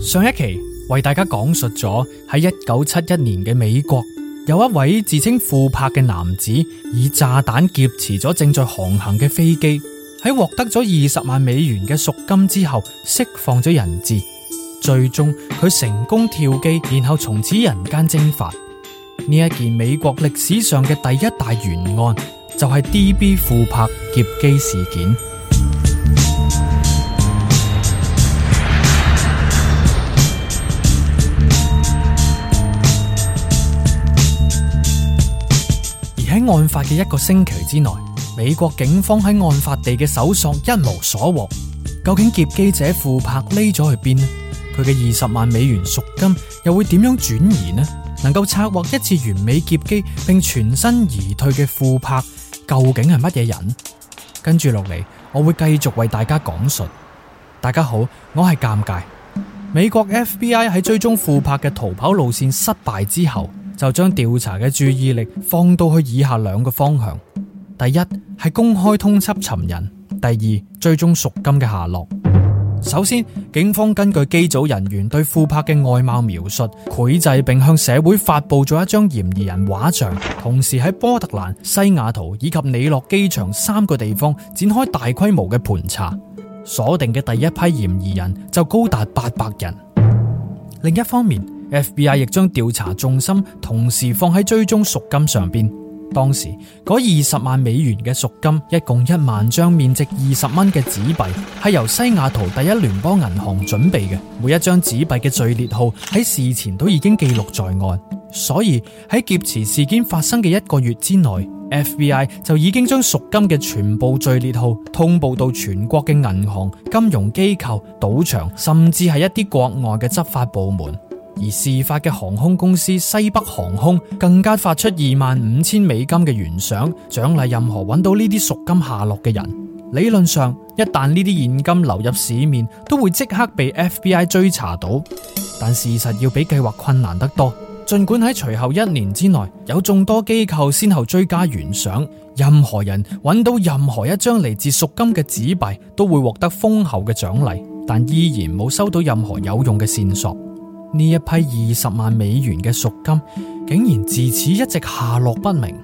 上一期為大家講述咗喺一九七一年嘅美國，有一位自稱庫柏嘅男子以炸彈劫持咗正在航行嘅飛機，喺獲得咗二十萬美元嘅贖金之後，釋放咗人質，最終佢成功跳機，然後從此人間蒸發。呢一件美國歷史上嘅第一大懸案，就係、是、D.B. 庫柏劫機事件。案發嘅一個星期之內，美國警方喺案發地嘅搜索一無所獲。究竟劫機者庫柏匿咗去邊呢？佢嘅二十萬美元贖金又會點樣轉移呢？能夠策劃一次完美劫機並全身而退嘅庫柏，究竟係乜嘢人？跟住落嚟，我會繼續為大家講述。大家好，我係尷尬。美國 FBI 喺追蹤庫柏嘅逃跑路線失敗之後，就將調查嘅注意力放到去以下兩個方向：第一係公開通緝尋人；第二追蹤贖金嘅下落。首先，警方根據機組人員對庫柏嘅外貌描述，繪製並向社會發佈咗一張嫌疑人畫像，同時喺波特蘭、西雅圖以及里諾機場三個地方展開大規模嘅盤查，鎖定嘅第一批嫌疑人就高達八百人。另一方面，FBI 亦將調查重心同時放喺追蹤贖金上邊。當時嗰二十萬美元嘅贖金，一共一萬張面值二十蚊嘅紙幣，係由西雅圖第一聯邦銀行準備嘅。每一張紙幣嘅序列號喺事前都已經記錄在案，所以喺劫持事件發生嘅一個月之內，FBI 就已經將贖金嘅全部序列號通報到全國嘅銀行、金融機構、賭場，甚至係一啲國外嘅執法部門。而事發嘅航空公司西北航空更加發出二萬五千美金嘅懸賞，獎勵任何揾到呢啲贖金下落嘅人。理論上，一旦呢啲現金流入市面，都會即刻被 FBI 追查到。但事實要比計劃困難得多。盡管喺隨後一年之內，有眾多機構先後追加懸賞，任何人揾到任何一張嚟自贖金嘅紙幣，都會獲得豐厚嘅獎勵，但依然冇收到任何有用嘅線索。呢一批二十萬美元嘅贖金，竟然自此一直下落不明，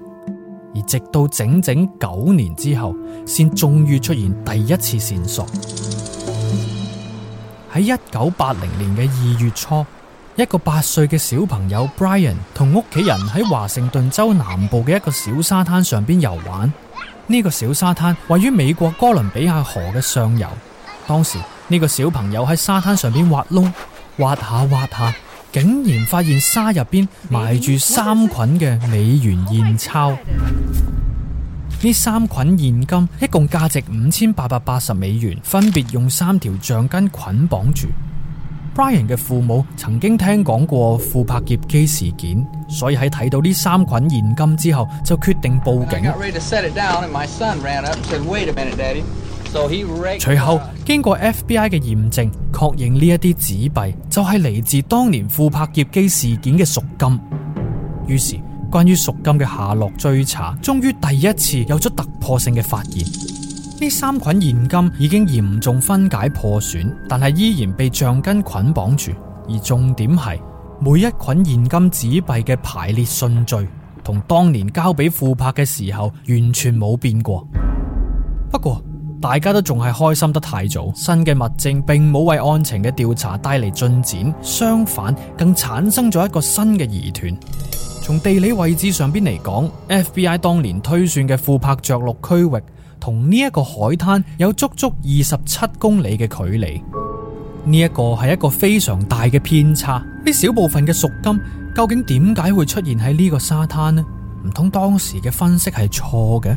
而直到整整九年之後，先終於出現第一次線索。喺一九八零年嘅二月初，一個八歲嘅小朋友 Brian 同屋企人喺華盛頓州南部嘅一個小沙灘上邊遊玩。呢個小沙灘位於美國哥倫比亞河嘅上遊。當時呢個小朋友喺沙灘上邊挖窿。挖下挖下，竟然發現沙入邊埋住三捆嘅美元現鈔。呢三捆現金一共價值五千八百八十美元，分別用三條橡筋捆綁住。Brian 嘅父母曾經聽講過庫柏劫機事件，所以喺睇到呢三捆現金之後，就決定報警。隨後經過 FBI 嘅驗證，確認呢一啲紙幣就係嚟自當年庫柏劫機事件嘅贖金。於是，關於贖金嘅下落追查，終於第一次有咗突破性嘅發現。呢三捆現金已經嚴重分解破損，但係依然被橡筋捆綁住。而重點係，每一捆現金紙幣嘅排列順序，同當年交俾庫柏嘅時候完全冇變過。不過，大家都仲係開心得太早，新嘅物證並冇為案情嘅調查帶嚟進展，相反更產生咗一個新嘅疑團。從地理位置上邊嚟講，FBI 當年推算嘅庫柏着陸區域同呢一個海灘有足足二十七公里嘅距離，呢一個係一個非常大嘅偏差。呢小部分嘅贖金究竟點解會出現喺呢個沙灘呢？唔通當時嘅分析係錯嘅？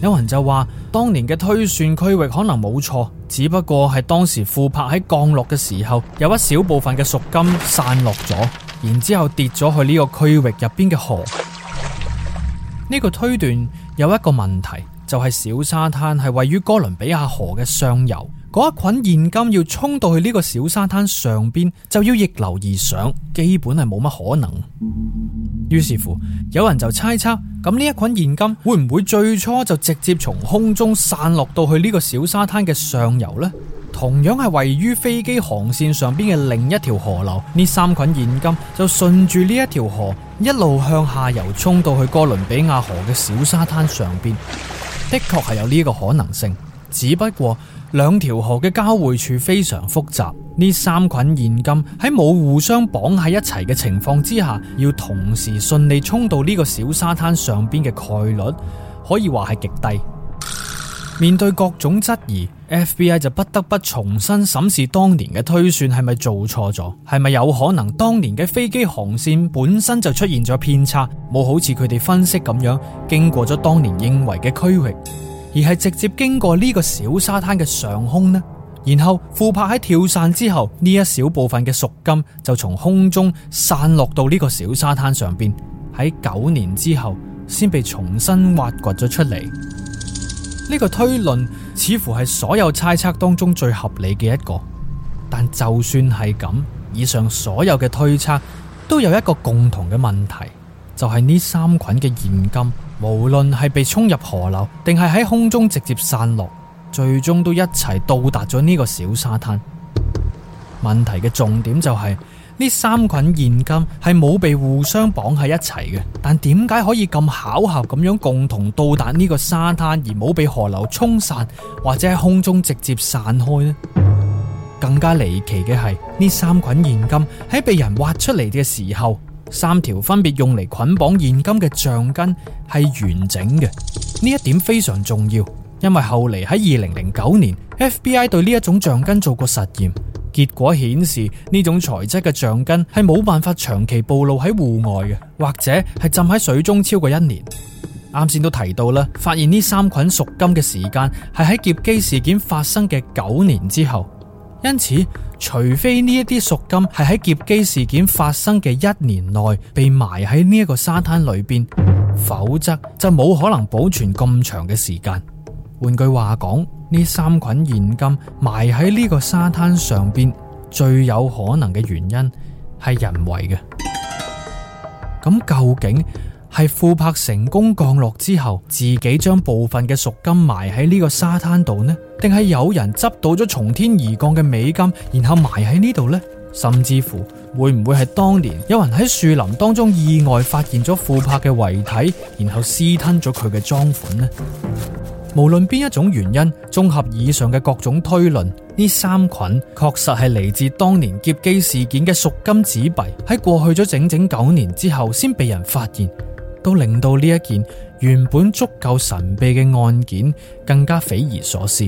有人就話，當年嘅推算區域可能冇錯，只不過係當時庫柏喺降落嘅時候，有一小部分嘅贖金散落咗，然之後跌咗去呢個區域入邊嘅河。呢個推斷有一個問題。就係小沙灘係位於哥倫比亞河嘅上游，嗰一捆現金要沖到去呢個小沙灘上邊，就要逆流而上，基本係冇乜可能。於是乎，有人就猜測，咁呢一捆現金會唔會最初就直接從空中散落到去呢個小沙灘嘅上游呢？同樣係位於飛機航線上邊嘅另一條河流，呢三捆現金就順住呢一條河一路向下游沖到去哥倫比亞河嘅小沙灘上邊。的確係有呢個可能性，只不過兩條河嘅交匯處非常複雜，呢三捆現金喺冇互相綁喺一齊嘅情況之下，要同時順利沖到呢個小沙灘上邊嘅概率，可以話係極低。面對各種質疑。FBI 就不得不重新審視當年嘅推算係咪做錯咗，係咪有可能當年嘅飛機航線本身就出現咗偏差，冇好似佢哋分析咁樣經過咗當年認為嘅區域，而係直接經過呢個小沙灘嘅上空呢？然後庫柏喺跳傘之後呢一小部分嘅贖金就從空中散落到呢個小沙灘上邊，喺九年之後先被重新挖掘咗出嚟。呢個推論似乎係所有猜測當中最合理嘅一個，但就算係咁，以上所有嘅推測都有一個共同嘅問題，就係、是、呢三捆嘅現金，無論係被沖入河流，定係喺空中直接散落，最終都一齊到達咗呢個小沙灘。問題嘅重點就係、是。呢三捆現金係冇被互相綁喺一齊嘅，但點解可以咁巧合咁樣共同到達呢個沙灘，而冇被河流沖散，或者喺空中直接散開呢？更加離奇嘅係，呢三捆現金喺被人挖出嚟嘅時候，三條分別用嚟捆綁現金嘅橡筋係完整嘅。呢一點非常重要，因為後嚟喺二零零九年，FBI 對呢一種橡筋做過實驗。結果顯示呢種材質嘅橡筋係冇辦法長期暴露喺戶外嘅，或者係浸喺水中超過一年。啱先都提到啦，發現呢三捆贖金嘅時間係喺劫機事件發生嘅九年之後，因此除非呢一啲贖金係喺劫機事件發生嘅一年內被埋喺呢一個沙灘裏邊，否則就冇可能保存咁長嘅時間。換句話講。呢三捆現金埋喺呢個沙灘上邊，最有可能嘅原因係人為嘅。咁 究竟係庫柏成功降落之後，自己將部分嘅贖金埋喺呢個沙灘度呢？定係有人執到咗從天而降嘅美金，然後埋喺呢度呢？甚至乎會唔會係當年有人喺樹林當中意外發現咗庫柏嘅遺體，然後私吞咗佢嘅贓款呢？無論邊一種原因，綜合以上嘅各種推論，呢三群確實係嚟自當年劫機事件嘅贖金紙幣，喺過去咗整整九年之後，先被人發現，都令到呢一件原本足夠神秘嘅案件更加匪夷所思。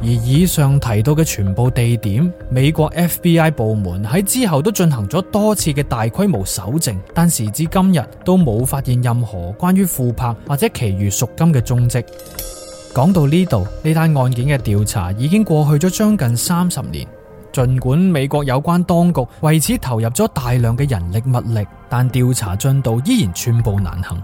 而以上提到嘅全部地點，美國 FBI 部門喺之後都進行咗多次嘅大規模搜證，但時至今日都冇發現任何關於庫柏或者其餘贖金嘅蹤跡。講到呢度，呢單案件嘅調查已經過去咗將近三十年。盡管美國有關當局為此投入咗大量嘅人力物力，但調查進度依然寸步難行。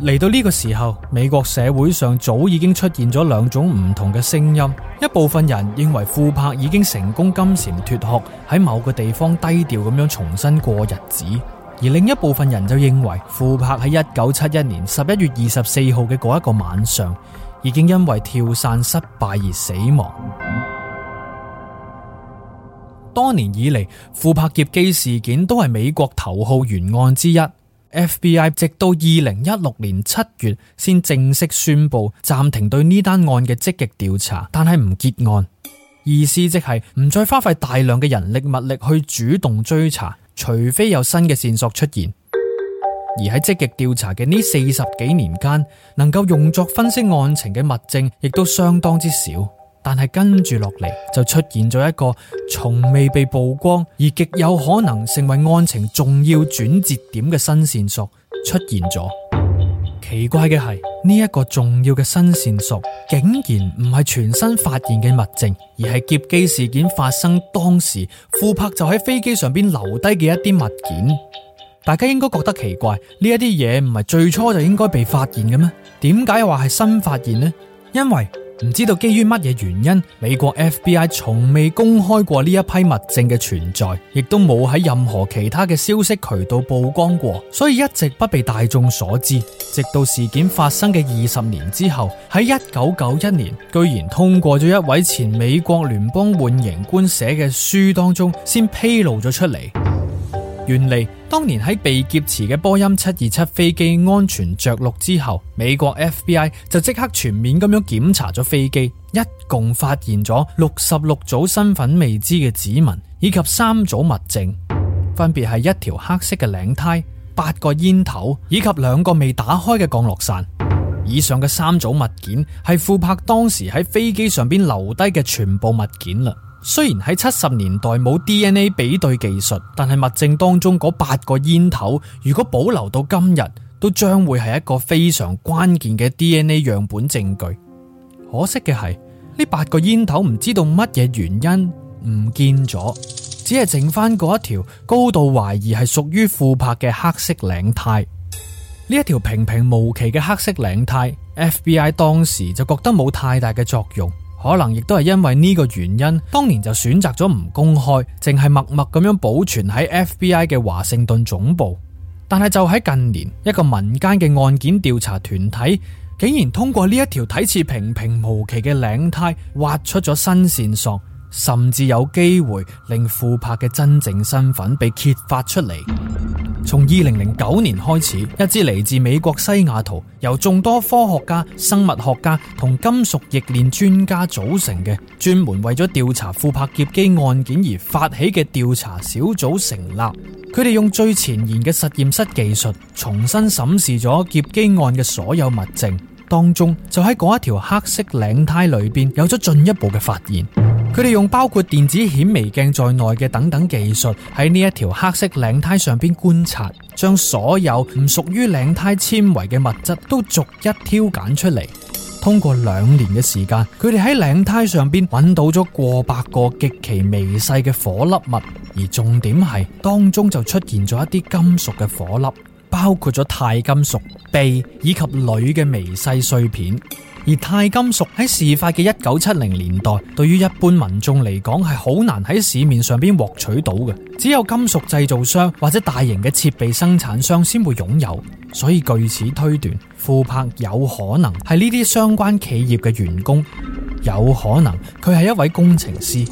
嚟到呢個時候，美國社會上早已經出現咗兩種唔同嘅聲音。一部分人認為庫柏已經成功金蟬脫殼，喺某個地方低調咁樣重新過日子；而另一部分人就認為庫柏喺一九七一年十一月二十四號嘅嗰一個晚上。已經因為跳傘失敗而死亡。多年以嚟，庫柏劫機事件都係美國頭號懸案之一。FBI 直到二零一六年七月先正式宣佈暫停對呢單案嘅積極調查，但係唔結案，意思即係唔再花費大量嘅人力物力去主動追查，除非有新嘅線索出現。而喺積極調查嘅呢四十幾年間，能夠用作分析案情嘅物證，亦都相當之少。但係跟住落嚟，就出現咗一個從未被曝光，而極有可能成為案情重要轉折點嘅新線索出現咗。奇怪嘅係，呢一個重要嘅新線索，竟然唔係全新發現嘅物證，而係劫機事件發生當時，庫柏就喺飛機上邊留低嘅一啲物件。大家應該覺得奇怪，呢一啲嘢唔係最初就應該被發現嘅咩？點解話係新發現呢？因為唔知道基於乜嘢原因，美國 FBI 從未公開過呢一批物證嘅存在，亦都冇喺任何其他嘅消息渠道曝光過，所以一直不被大眾所知。直到事件發生嘅二十年之後，喺一九九一年，居然通過咗一位前美國聯邦緩刑官寫嘅書當中，先披露咗出嚟。原嚟當年喺被劫持嘅波音七二七飛機安全着陸之後，美國 FBI 就即刻全面咁樣檢查咗飛機，一共發現咗六十六組身份未知嘅指紋，以及三組物證，分別係一條黑色嘅領呔、八個煙頭以及兩個未打開嘅降落傘。以上嘅三組物件係庫柏當時喺飛機上邊留低嘅全部物件啦。雖然喺七十年代冇 DNA 比對技術，但係物證當中嗰八個煙頭，如果保留到今日，都將會係一個非常關鍵嘅 DNA 樣本證據。可惜嘅係，呢八個煙頭唔知道乜嘢原因唔見咗，只係剩翻嗰一條高度懷疑係屬於庫柏嘅黑色領呔。呢一條平平無奇嘅黑色領呔，FBI 當時就覺得冇太大嘅作用。可能亦都係因為呢個原因，當年就選擇咗唔公開，淨係默默咁樣保存喺 FBI 嘅華盛頓總部。但係就喺近年，一個民間嘅案件調查團體，竟然通過呢一條睇似平平無奇嘅領呔，挖出咗新線索，甚至有機會令庫柏嘅真正身份被揭發出嚟。從二零零九年開始，一支嚟自美國西雅圖、由眾多科學家、生物學家同金屬冶煉專家組成嘅，專門為咗調查庫柏劫機案件而發起嘅調查小組成立。佢哋用最前沿嘅實驗室技術，重新審視咗劫機案嘅所有物證。當中就喺嗰一條黑色領呔裏邊有咗進一步嘅發現，佢哋用包括電子顯微鏡在內嘅等等技術喺呢一條黑色領呔上邊觀察，將所有唔屬於領呔纖維嘅物質都逐一挑揀出嚟。通過兩年嘅時間，佢哋喺領呔上邊揾到咗過百個極其微細嘅火粒物，而重點係當中就出現咗一啲金屬嘅火粒。包括咗鈦金屬、鋇以及鋁嘅微細碎片，而鈦金屬喺事發嘅一九七零年代，對於一般民眾嚟講係好難喺市面上邊獲取到嘅，只有金屬製造商或者大型嘅設備生產商先會擁有。所以據此推斷，庫柏有可能係呢啲相關企業嘅員工，有可能佢係一位工程師。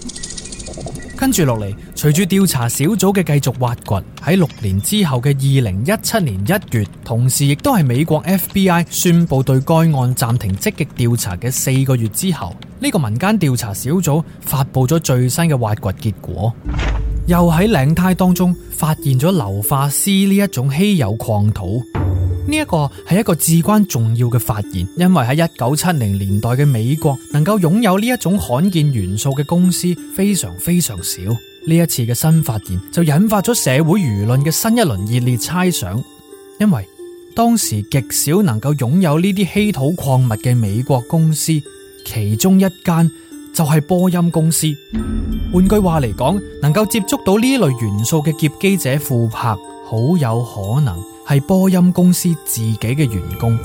跟住落嚟，隨住調查小組嘅繼續挖掘，喺六年之後嘅二零一七年一月，同時亦都係美國 FBI 宣布對該案暫停積極調查嘅四個月之後，呢個民間調查小組發布咗最新嘅挖掘結果，又喺領呔當中發現咗硫化鍶呢一種稀有礦土。呢一個係一個至關重要嘅發現，因為喺一九七零年代嘅美國，能夠擁有呢一種罕見元素嘅公司非常非常少。呢一次嘅新發現就引發咗社會輿論嘅新一輪熱烈猜想，因為當時極少能夠擁有呢啲稀土礦物嘅美國公司，其中一間就係波音公司。換句話嚟講，能夠接觸到呢類元素嘅劫機者庫柏，好有可能，係波音公司自己嘅員工，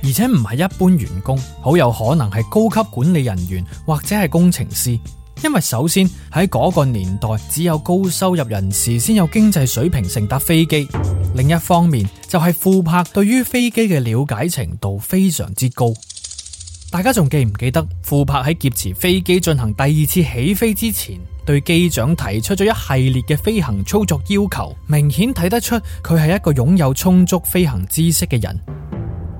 而且唔係一般員工，好有可能係高級管理人員或者係工程師，因為首先喺嗰個年代只有高收入人士先有經濟水平乘搭飛機。另一方面，就係庫柏對於飛機嘅了解程度非常之高。大家仲記唔記得庫柏喺劫持飛機進行第二次起飛之前，對機長提出咗一系列嘅飛行操作要求？明顯睇得出佢係一個擁有充足飛行知識嘅人。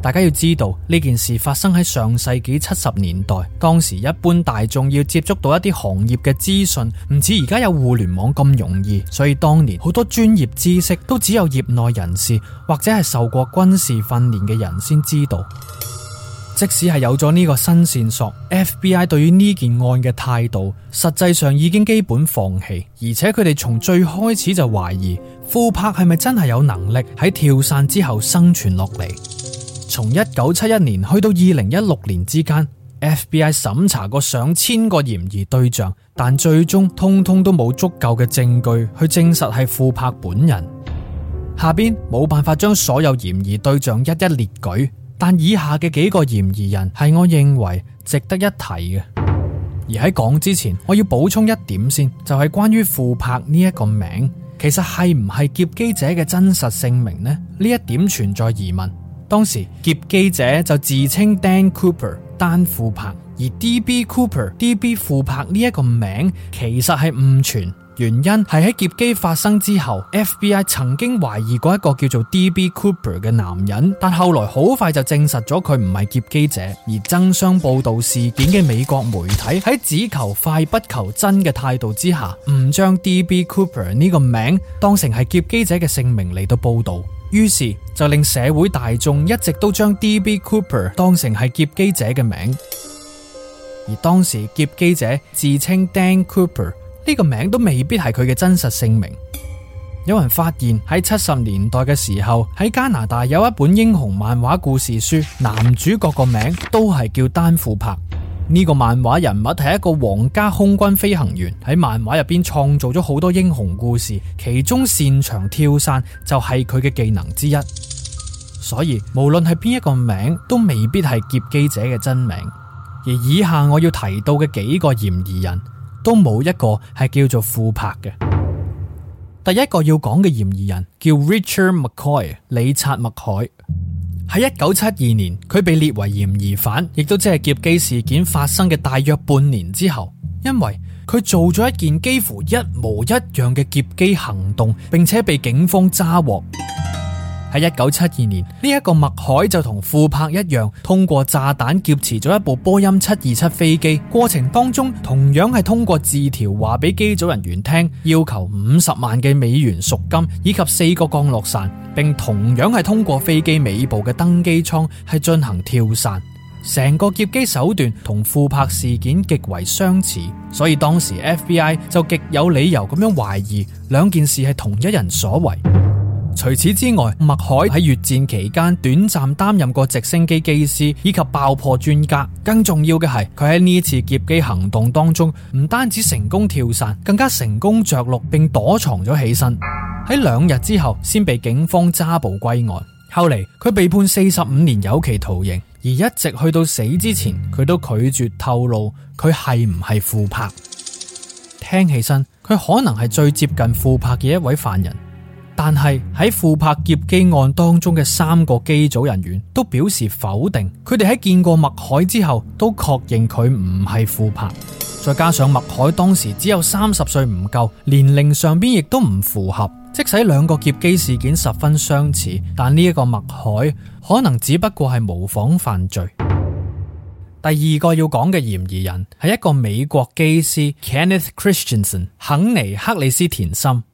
大家要知道呢件事發生喺上世紀七十年代，當時一般大眾要接觸到一啲行業嘅資訊，唔似而家有互聯網咁容易。所以當年好多專業知識都只有業內人士或者係受過軍事訓練嘅人先知道。即使係有咗呢個新線索，FBI 對於呢件案嘅態度，實際上已經基本放棄。而且佢哋從最開始就懷疑庫柏係咪真係有能力喺跳傘之後生存落嚟。從一九七一年去到二零一六年之間，FBI 審查過上千個嫌疑對象，但最終通通都冇足夠嘅證據去證實係庫柏本人。下邊冇辦法將所有嫌疑對象一一列舉。但以下嘅幾個嫌疑人係我認為值得一提嘅。而喺講之前，我要補充一點先，就係、是、關於庫柏呢一個名，其實係唔係劫機者嘅真實姓名呢？呢一點存在疑問。當時劫機者就自稱 Dan Cooper，丹庫柏，而 DB Cooper、DB 庫柏呢一個名其實係誤傳。原因係喺劫機發生之後，FBI 曾經懷疑過一個叫做 DB Cooper 嘅男人，但後來好快就證實咗佢唔係劫機者。而爭相報道事件嘅美國媒體喺只求快不求真嘅態度之下，唔將 DB Cooper 呢個名當成係劫機者嘅姓名嚟到報道，於是就令社會大眾一直都將 DB Cooper 當成係劫機者嘅名，而當時劫機者自稱 Dan Cooper。呢個名都未必係佢嘅真實姓名。有人發現喺七十年代嘅時候，喺加拿大有一本英雄漫畫故事書，男主角個名都係叫丹富柏。呢個漫畫人物係一個皇家空軍飛行員，喺漫畫入邊創造咗好多英雄故事，其中擅長跳傘就係佢嘅技能之一。所以無論係邊一個名都未必係劫機者嘅真名。而以下我要提到嘅幾個嫌疑人，都冇一個係叫做庫柏嘅。第一個要講嘅嫌疑人叫 Richard McCoy 李察麥凱，喺一九七二年佢被列為嫌疑犯，亦都即係劫機事件發生嘅大約半年之後，因為佢做咗一件幾乎一模一樣嘅劫機行動，並且被警方抓獲。喺一九七二年，呢、這、一個麥海就同庫柏一樣，通過炸彈劫持咗一部波音七二七飛機，過程當中同樣係通過字條話俾機組人員聽，要求五十萬嘅美元贖金以及四個降落傘，並同樣係通過飛機尾部嘅登機艙係進行跳傘，成個劫機手段同庫柏事件極為相似，所以當時 FBI 就極有理由咁樣懷疑兩件事係同一人所為。除此之外，麥海喺越戰期間短暫擔任過直升機機師以及爆破專家。更重要嘅係，佢喺呢次劫機行動當中，唔單止成功跳傘，更加成功着陸並躲藏咗起身。喺兩日之後，先被警方抓捕歸案。後嚟佢被判四十五年有期徒刑，而一直去到死之前，佢都拒絕透露佢係唔係庫柏。聽起身，佢可能係最接近庫柏嘅一位犯人。但係喺富柏劫機案當中嘅三個機組人員都表示否定，佢哋喺見過麥海之後都確認佢唔係富柏，再加上麥海當時只有三十歲，唔夠年齡上邊亦都唔符合。即使兩個劫機事件十分相似，但呢一個麥海可能只不過係模仿犯罪。 第二個要講嘅嫌疑人，係一個美國機師 Kenneth c h r i s t e n s e n，肯尼克里斯田森。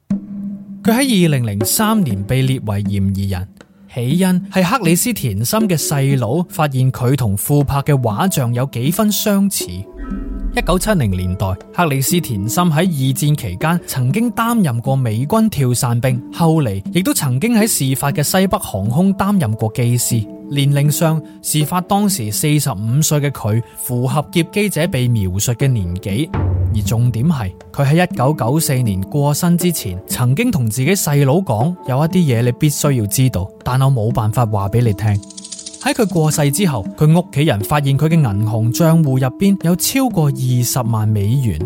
佢喺二零零三年被列為嫌疑人，起因係克里斯甜心嘅細佬發現佢同庫柏嘅畫像有幾分相似。一九七零年代，克里斯田森喺二戰期間曾經擔任過美軍跳傘兵，後嚟，亦都曾經喺事發嘅西北航空擔任過技師。年齡上，事發當時四十五歲嘅佢，符合劫機者被描述嘅年紀。而重點係，佢喺一九九四年過身之前，曾經同自己細佬講，有一啲嘢你必須要知道，但我冇辦法話俾你聽。喺佢過世之後，佢屋企人發現佢嘅銀行賬戶入邊有超過二十萬美元。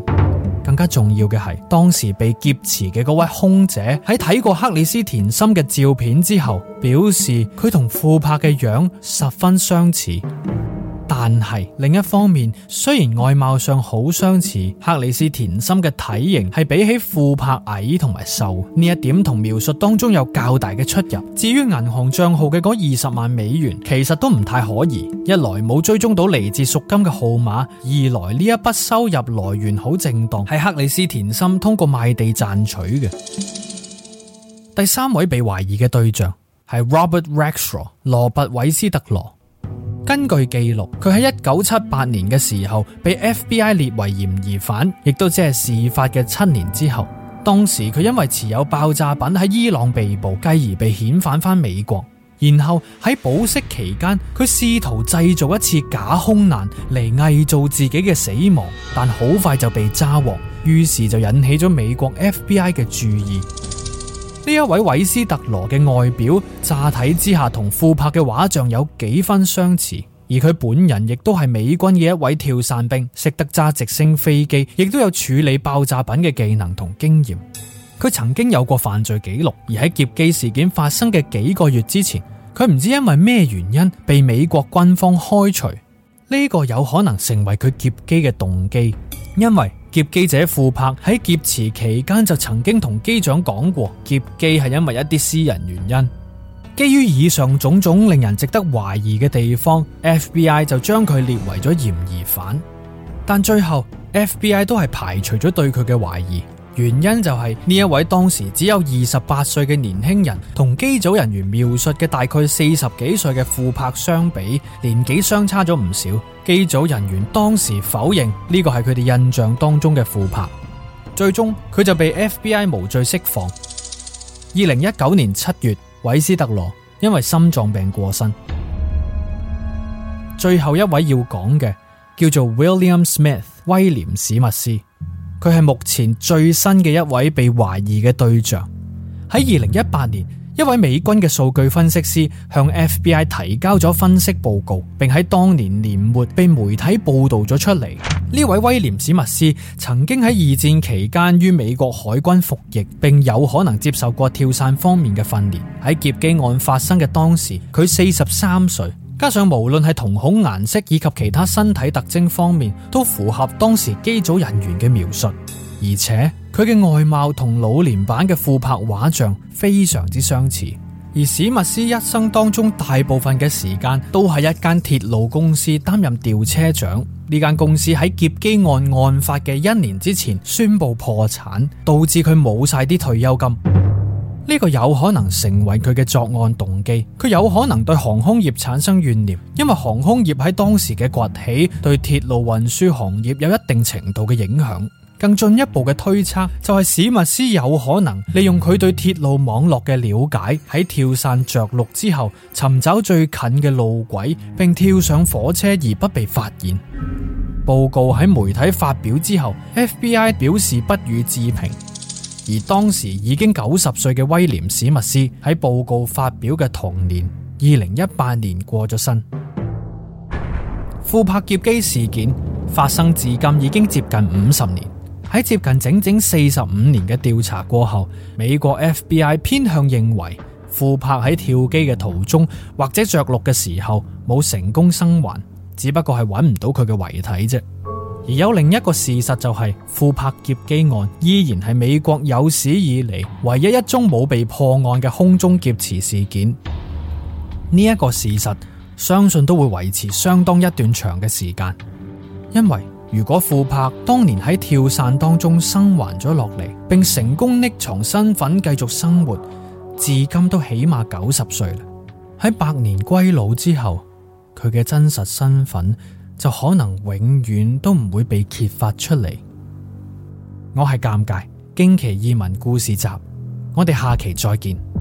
更加重要嘅係，當時被劫持嘅嗰位空姐喺睇過克里斯甜心嘅照片之後，表示佢同庫柏嘅樣十分相似。但係另一方面，雖然外貌上好相似，克里斯田森嘅體型係比起庫柏矮同埋瘦，呢一點同描述當中有較大嘅出入。至於銀行賬號嘅嗰二十萬美元，其實都唔太可疑。一來冇追蹤到嚟自贖金嘅號碼，二來呢一筆收入來源好正當，係克里斯田森通過賣地賺取嘅。第三位被懷疑嘅對象係 Robert Rexro，羅拔韋斯特羅。根據記錄，佢喺一九七八年嘅時候被 FBI 列為嫌疑犯，亦都只係事發嘅七年之後。當時佢因為持有爆炸品喺伊朗被捕，繼而被遣返返美國。然後喺保釋期間，佢試圖製造一次假空難嚟偽造自己嘅死亡，但好快就被抓獲，於是就引起咗美國 FBI 嘅注意。呢一位韋斯特羅嘅外表乍睇之下同庫柏嘅畫像有幾分相似，而佢本人亦都係美軍嘅一位跳傘兵，識得揸直升飛機，亦都有處理爆炸品嘅技能同經驗。佢曾經有過犯罪記錄，而喺劫機事件發生嘅幾個月之前，佢唔知因為咩原因被美國軍方開除，呢個有可能成為佢劫機嘅動機，因為，劫機者庫柏喺劫持期間就曾經同機長講過劫機係因為一啲私人原因。基於以上種種令人值得懷疑嘅地方，FBI 就將佢列為咗嫌疑犯，但最後 FBI 都係排除咗對佢嘅懷疑。原因就係呢一位當時只有二十八歲嘅年輕人，同機組人員描述嘅大概四十幾歲嘅富柏相比，年紀相差咗唔少。機組人員當時否認呢個係佢哋印象當中嘅富柏。最終佢就被 FBI 無罪釋放。二零一九年七月，韋斯特羅因為心臟病過身。最後一位要講嘅叫做 William Smith 威廉史密斯。佢係目前最新嘅一位被懷疑嘅對象。喺二零一八年，一位美軍嘅數據分析師向 FBI 提交咗分析報告，並喺當年年末被媒體報道咗出嚟。呢位威廉史密斯曾經喺二戰期間於美國海軍服役，並有可能接受過跳傘方面嘅訓練。喺劫機案發生嘅當時，佢四十三歲。加上無論係瞳孔顏色以及其他身體特徵方面，都符合當時機組人員嘅描述，而且佢嘅外貌同老年版嘅副拍畫像非常之相似。而史密斯一生當中大部分嘅時間都係一間鐵路公司擔任調車長，呢間公司喺劫機案案發嘅一年之前宣布破產，導致佢冇晒啲退休金。呢個有可能成為佢嘅作案動機，佢有可能對航空業產生怨念，因為航空業喺當時嘅崛起對鐵路運輸行業有一定程度嘅影響。更進一步嘅推測就係史密斯有可能利用佢對鐵路網絡嘅了解，喺跳傘着陸之後尋找最近嘅路軌，並跳上火車而不被發現。報告喺媒體發表之後，FBI 表示不予置評。而當時已經九十歲嘅威廉史密斯喺報告發表嘅同年二零一八年過咗身。庫柏劫機事件發生至今已經接近五十年，喺接近整整四十五年嘅調查過後，美國 FBI 偏向認為庫柏喺跳機嘅途中或者着陸嘅時候冇成功生還，只不過係揾唔到佢嘅遺體啫。而有另一個事實就係、是、庫柏劫機案依然係美國有史以嚟唯一一宗冇被破案嘅空中劫持事件。呢、這、一個事實相信都會維持相當一段長嘅時間，因為如果庫柏當年喺跳傘當中生還咗落嚟，並成功匿藏身份繼續生活，至今都起碼九十歲啦。喺百年歸老之後，佢嘅真實身份就可能永遠都唔會被揭發出嚟，我係尷尬。驚奇異聞故事集，我哋下期再見。